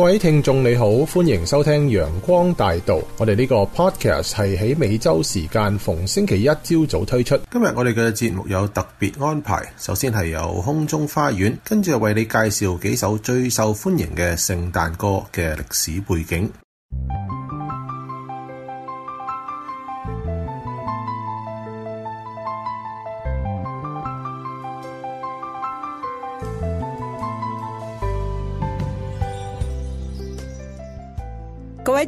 各位聽眾你好，歡迎收聽陽光大道。我哋呢個 podcast 係喺美洲時間逢星期一朝早推出。今日我哋嘅節目有特別安排，首先係有空中花園，跟住係為你介紹幾首最受歡迎嘅聖誕歌嘅歷史背景。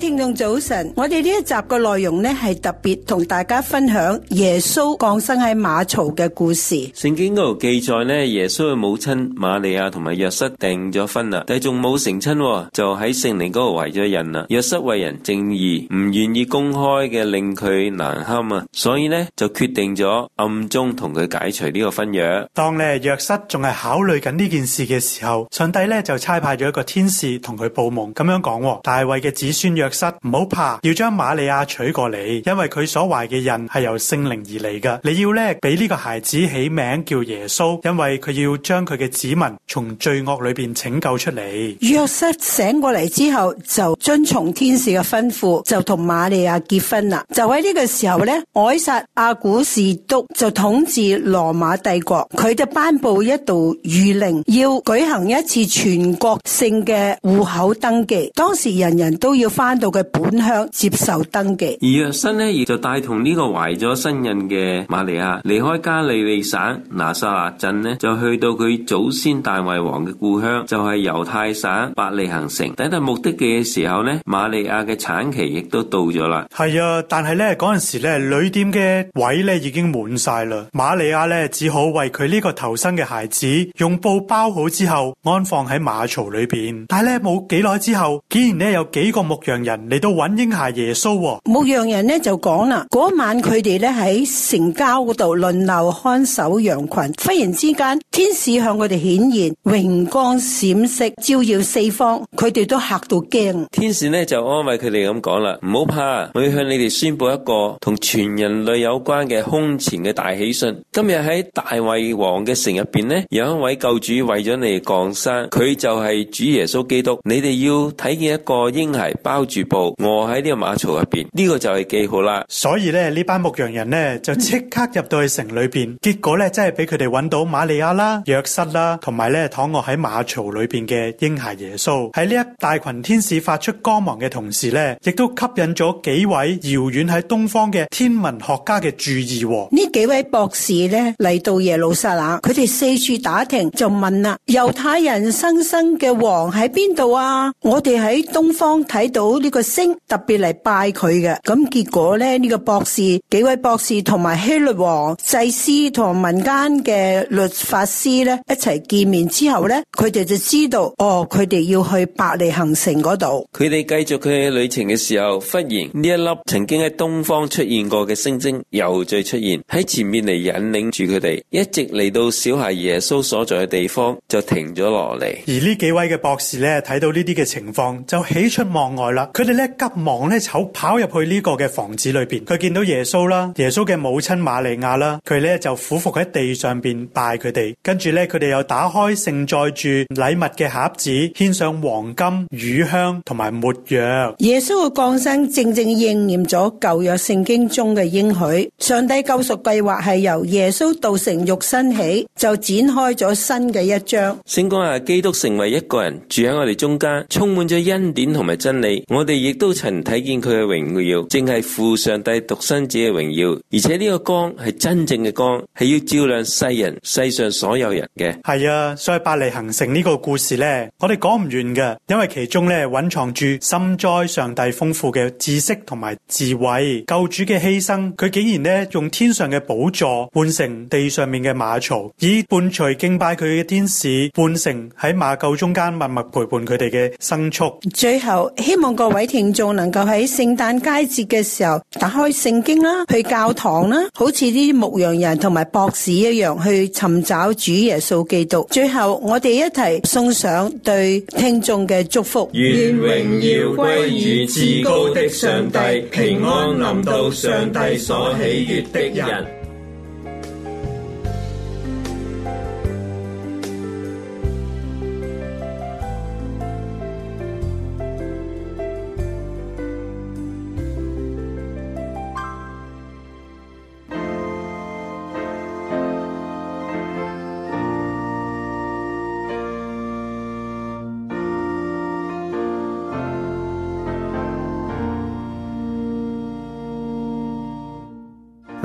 聽眾早晨，我哋呢一集嘅內容咧係特別同大家分享耶穌降生喺馬槽嘅故事。聖經嗰度記載咧，耶穌嘅母親瑪利亞同埋約瑟訂咗婚啦，但係仲冇成親，就喺聖靈嗰度懷咗孕啦。約瑟為人正義，唔願意公開嘅令佢難堪啊，所以咧就決定咗暗中同佢解除呢個婚約。當你係約瑟仲係考慮緊呢件事嘅時候，上帝咧就差派咗一個天使同佢報夢，咁樣講：大衛嘅子孫約唔好怕，要將瑪利亞娶過嚟，因為佢所懷嘅人係由聖靈而嚟嘅。你要咧俾呢個孩子起名叫耶穌，因為佢要將佢嘅子民從罪惡裏邊拯救出嚟。約瑟醒過嚟之後，就遵從天使嘅吩咐，就同瑪利亞結婚啦。就喺呢個時候呢，凱撒阿古士督就統治羅馬帝國，佢就頒布一道諭令，要舉行一次全國性嘅戶口登記。當時人人都要翻。到嘅本鄉接受登記，而約瑟呢，亦就帶同呢個懷咗身孕嘅瑪利亞離開加利利省拿撒勒鎮呢，就去到佢祖先大衛王嘅故鄉，就係猶太省伯利恆城。抵達目的地嘅時候呢，瑪利亞嘅產期亦都到咗啦。係啊，但係呢，嗰陣時呢，旅店嘅位呢已經滿晒啦。瑪利亞呢，只好為佢呢個投生嘅孩子用布包好之後，安放喺馬槽裏邊。但係呢，冇幾耐之後，竟然呢有幾個牧羊。人嚟到搵嬰孩耶穌，牧羊人咧就講啦，嗰晚佢哋咧喺城郊嗰度輪流看守羊群，忽然之間天使向佢哋顯現，榮光閃爍，照耀四方，佢哋都嚇到驚。天使咧就安慰佢哋咁講啦，唔好怕，我要向你哋宣佈一個同全人類有關嘅空前嘅大喜訊。今日喺大衛王嘅城入邊咧，有一位救主為咗你哋降生，佢就係主耶穌基督。你哋要睇見一個嬰孩包住我喺呢個馬槽入邊，呢個就係幾好啦。所以咧，呢班牧羊人呢，就即刻入到去城裏邊，結果咧真係俾佢哋揾到瑪利亞啦、約瑟啦，同埋咧躺臥喺馬槽裏邊嘅嬰孩耶穌。喺呢一大群天使發出光芒嘅同時咧，亦都吸引咗幾位遙遠喺東方嘅天文學家嘅注意。呢幾位博士咧嚟到耶路撒冷，佢哋四處打聽，就問啦：猶太人新生嘅王喺邊度啊？我哋喺東方睇到呢個星特別嚟拜佢嘅，咁結果咧，呢個博士，幾位博士同埋希律王祭司、同民間嘅律法師咧一齊見面之後咧，佢哋就知道哦，佢哋要去伯利恆城嗰度。佢哋繼續佢旅程嘅時候，忽然呢一粒曾經喺東方出現過嘅星星又再出現喺前面嚟引領住佢哋，一直嚟到小孩耶穌所在嘅地方就停咗落嚟。而呢幾位嘅博士咧睇到呢啲嘅情況就喜出望外啦。佢哋咧急忙咧走跑入去呢個嘅房子裏邊，佢見到耶穌啦，耶穌嘅母親瑪利亞啦，佢咧就俯伏喺地上邊拜佢哋，跟住咧佢哋又打開盛載住禮物嘅盒子，獻上黃金、乳香同埋沒藥。耶穌嘅降生正正應驗咗舊約聖經中嘅應許，上帝救贖計劃係由耶穌道成肉身起就展開咗新嘅一章。先講下基督成為一個人住喺我哋中間，充滿咗恩典同埋真理，我哋亦都曾睇見佢嘅榮耀，正係父上帝獨生子嘅榮耀。而且呢個光係真正嘅光，係要照亮世人、世上所有人嘅。係啊，所以伯利恆城呢個故事咧，我哋講唔完嘅，因為其中咧蘊藏住深哉上帝豐富嘅知識同埋智慧，救主嘅犧牲，佢竟然咧用天上嘅寶座換成地上面嘅馬槽，以伴隨敬拜佢嘅天使換成喺馬廄中間默默陪伴佢哋嘅牲畜。最後，希望各位。各位聽眾能夠喺聖誕佳節嘅時候打開聖經啦，去教堂啦，好似啲牧羊人同埋博士一樣去尋找主耶穌基督。最後，我哋一齊送上對聽眾嘅祝福。願榮耀歸於至高的上帝，平安臨到上帝所喜悦的人。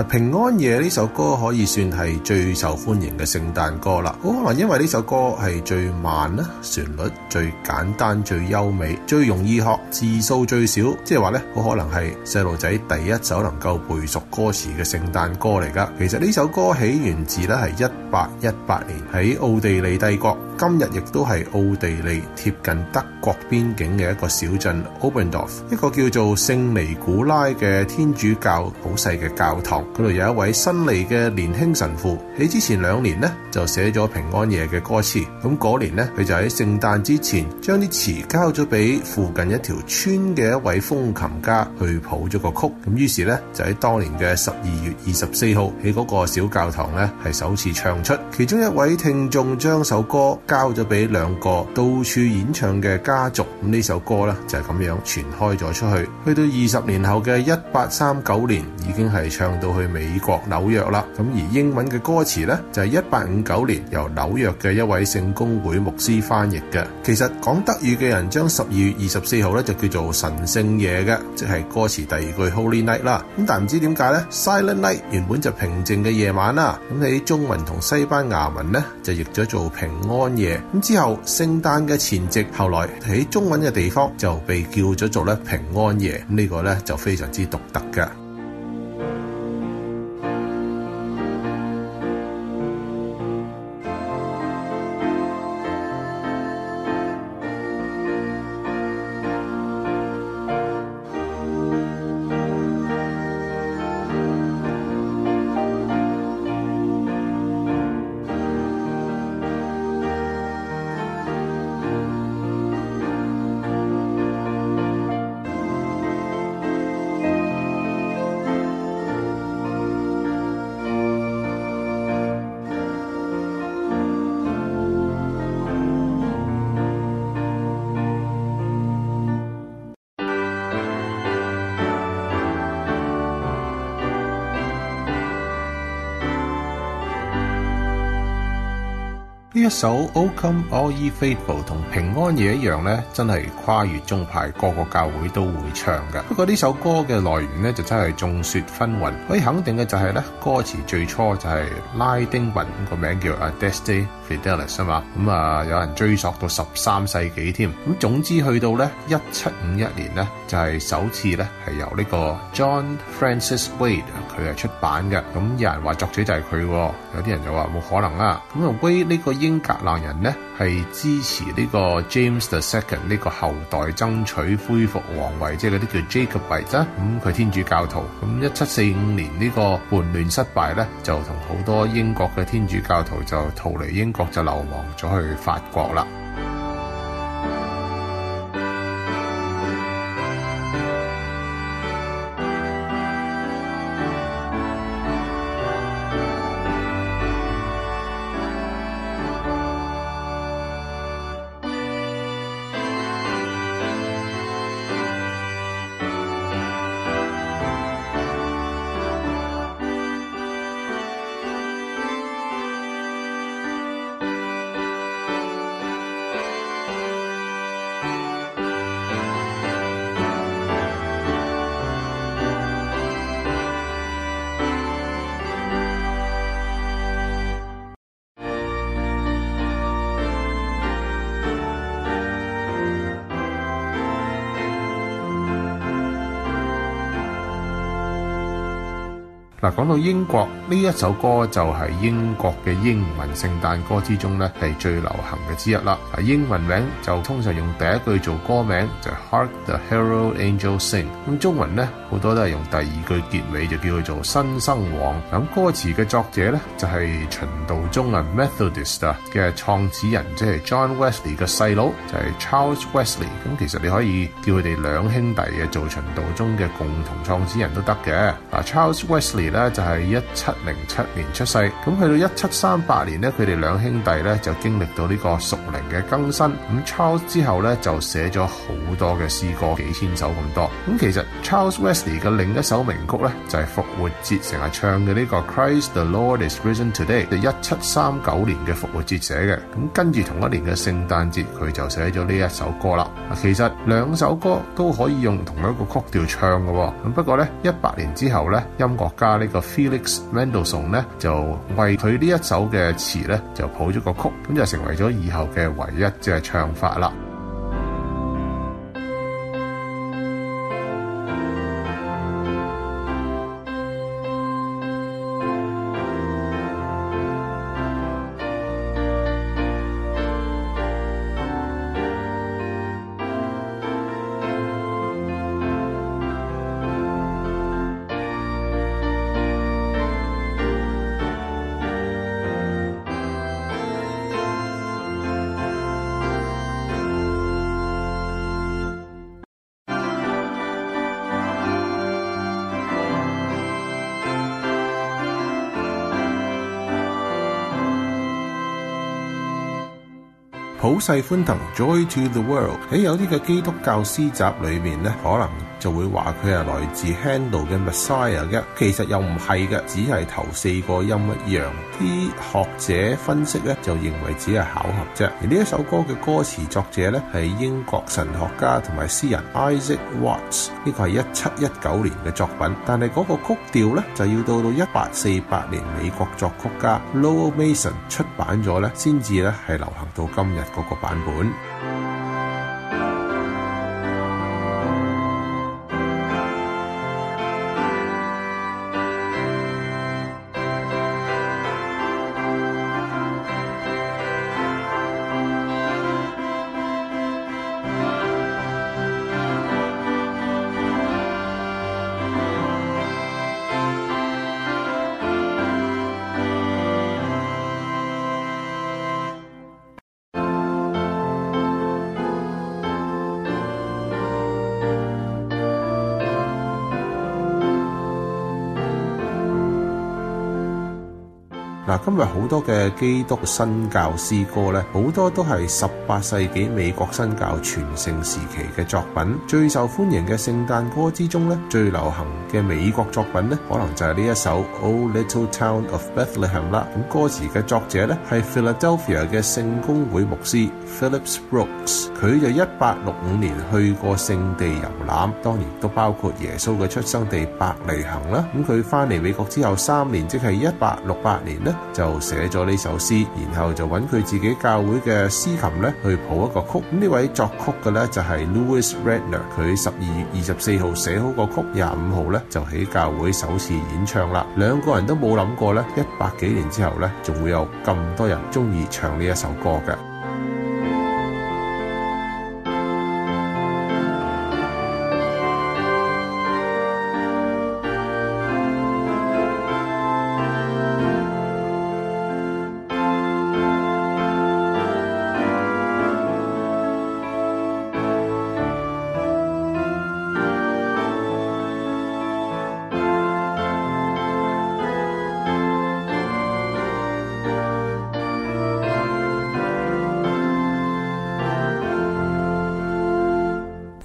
平安夜呢首歌可以算係最受歡迎嘅聖誕歌啦，好可能因為呢首歌係最慢啦，旋律最簡單、最優美、最容易學，字數最少，即係話呢，好可能係細路仔第一首能夠背熟歌詞嘅聖誕歌嚟㗎。其實呢首歌起源自呢係一八一八年喺奧地利帝國。今日亦都係奧地利貼近德國邊境嘅一個小鎮奧本多夫，Obendorf，一個叫做聖尼古拉嘅天主教好細嘅教堂，佢度有一位新嚟嘅年輕神父。喺之前兩年呢就寫咗平安夜嘅歌詞。咁嗰年呢，佢就喺聖誕之前將啲詞交咗俾附近一條村嘅一位風琴家去譜咗個曲。咁於是呢，就喺當年嘅十二月二十四號喺嗰個小教堂呢，係首次唱出。其中一位聽眾將首歌交咗俾兩個到處演唱嘅家族，咁呢首歌咧就係咁樣傳開咗出去。去到二十年後嘅一八三九年，已經係唱到去美國紐約啦。咁而英文嘅歌詞咧，就係一八五九年由紐約嘅一位聖公會牧師翻譯嘅。其實講德語嘅人將十二月二十四號咧就叫做神聖夜嘅，即係歌詞第二句 Holy Night 啦。咁但唔知點解咧，Silent Night 原本就平靜嘅夜晚啦。咁喺中文同西班牙文咧就譯咗做平安。咁之後，聖誕嘅前夕，後來喺中文嘅地方就被叫咗做咧平安夜。咁呢、呢個咧就非常之獨特嘅。呢一首 O Come All Ye Faithful 同平安夜一樣咧，真係跨越宗派，個個教會都會唱嘅。不過呢首歌嘅來源咧就真係眾說紛紜。可以肯定嘅就係咧，歌詞最初就係拉丁文，個名叫 Adeste Fidelis, 嗯、啊嘛，咁啊有人追溯到十三世紀添，咁、嗯、總之去到咧一七五一年咧就係、是、首次咧係由呢個 John Francis Wade 佢係出版嘅，咁、嗯、有人話作者就係佢、哦，有啲人就話冇可能啦、啊，咁啊 Wade 呢個英格蘭人咧係支持呢個 James the Second 呢個後代爭取恢復皇位，即係嗰啲叫 Jacobite 啦、嗯，咁佢天主教徒，咁一七四五年呢個叛亂失敗咧就同好多英國嘅天主教徒就逃離英國。國就流亡咗去法國啦。嗱，講到英國呢一首歌就係英國嘅英文聖誕歌之中咧，係最流行嘅之一啦。啊，英文名就通常用第一句做歌名，就係、Hark the Herald Angels Sing。咁中文呢，好多都係用第二句結尾，就叫佢做新生王。咁歌詞嘅作者呢，就係、係、循道宗啊 Methodist 嘅創始人，即、就、係、係、John Wesley 嘅細佬就係、係、Charles Wesley。咁其實你可以叫佢哋兩兄弟嘅做循道宗嘅共同創始人都得嘅。嗱，Charles Wesley 咧就係一七零七年出世，咁去到一七三八年咧，佢哋兩兄弟咧就經歷到呢個屬靈嘅更新。咁 Charles 之後咧就寫咗好多嘅詩歌，幾千首咁多。咁其實 Charles Wesley 嘅另一首名曲咧就係復活節成日唱嘅呢個《Christ the Lord is Risen Today》，就一七三九年嘅復活節寫嘅。咁跟住同一年嘅聖誕節，佢就寫咗呢一首歌啦。其實兩首歌都可以用同一個曲調唱嘅。咁不過咧，一百年之後咧，音樂家，呢個 Felix Mendelssohn 咧就為佢呢一首嘅詞咧就譜咗個曲，咁就成為咗以後嘅唯一即係唱法啦。普世歡騰，Joy to the world！喺有啲嘅基督教詩集裏面咧，可能。就會話佢係來自 Handel 嘅 Messiah 嘅，其實又唔係嘅，只係頭四個音一樣。啲學者分析咧就認為只係巧合啫。而呢一首歌嘅歌詞作者咧係英國神學家同埋詩人 Isaac Watts，呢個係一七一九年嘅作品。但係嗰個曲調咧就要到到一八四八年美國作曲家 Low Mason 出版咗咧，先至咧係流行到今日嗰個版本。今日好多嘅基督新教詩歌咧，好多都係十八世紀美國新教全盛時期嘅作品。最受歡迎嘅聖誕歌之中咧，最流行嘅美國作品咧，可能就係呢一首《O Little Town of Bethlehem》啦。咁歌詞嘅作者咧係 Philadelphia 嘅聖公會牧師 Phillips Brooks。佢就一八六五年去過聖地遊覽，當然都包括耶穌嘅出生地伯利恆啦。咁佢翻嚟美國之後三年，即係一八六八年咧。就寫咗呢首詩，然後就揾佢自己教會嘅司琴咧去譜一個曲。咁呢位作曲嘅咧就係、是、Louis Redner，佢十二月二十四號寫好個曲，廿五號咧就喺教會首次演唱啦。兩個人都冇諗過咧，一百幾年之後咧仲會有咁多人中意唱呢一首歌嘅。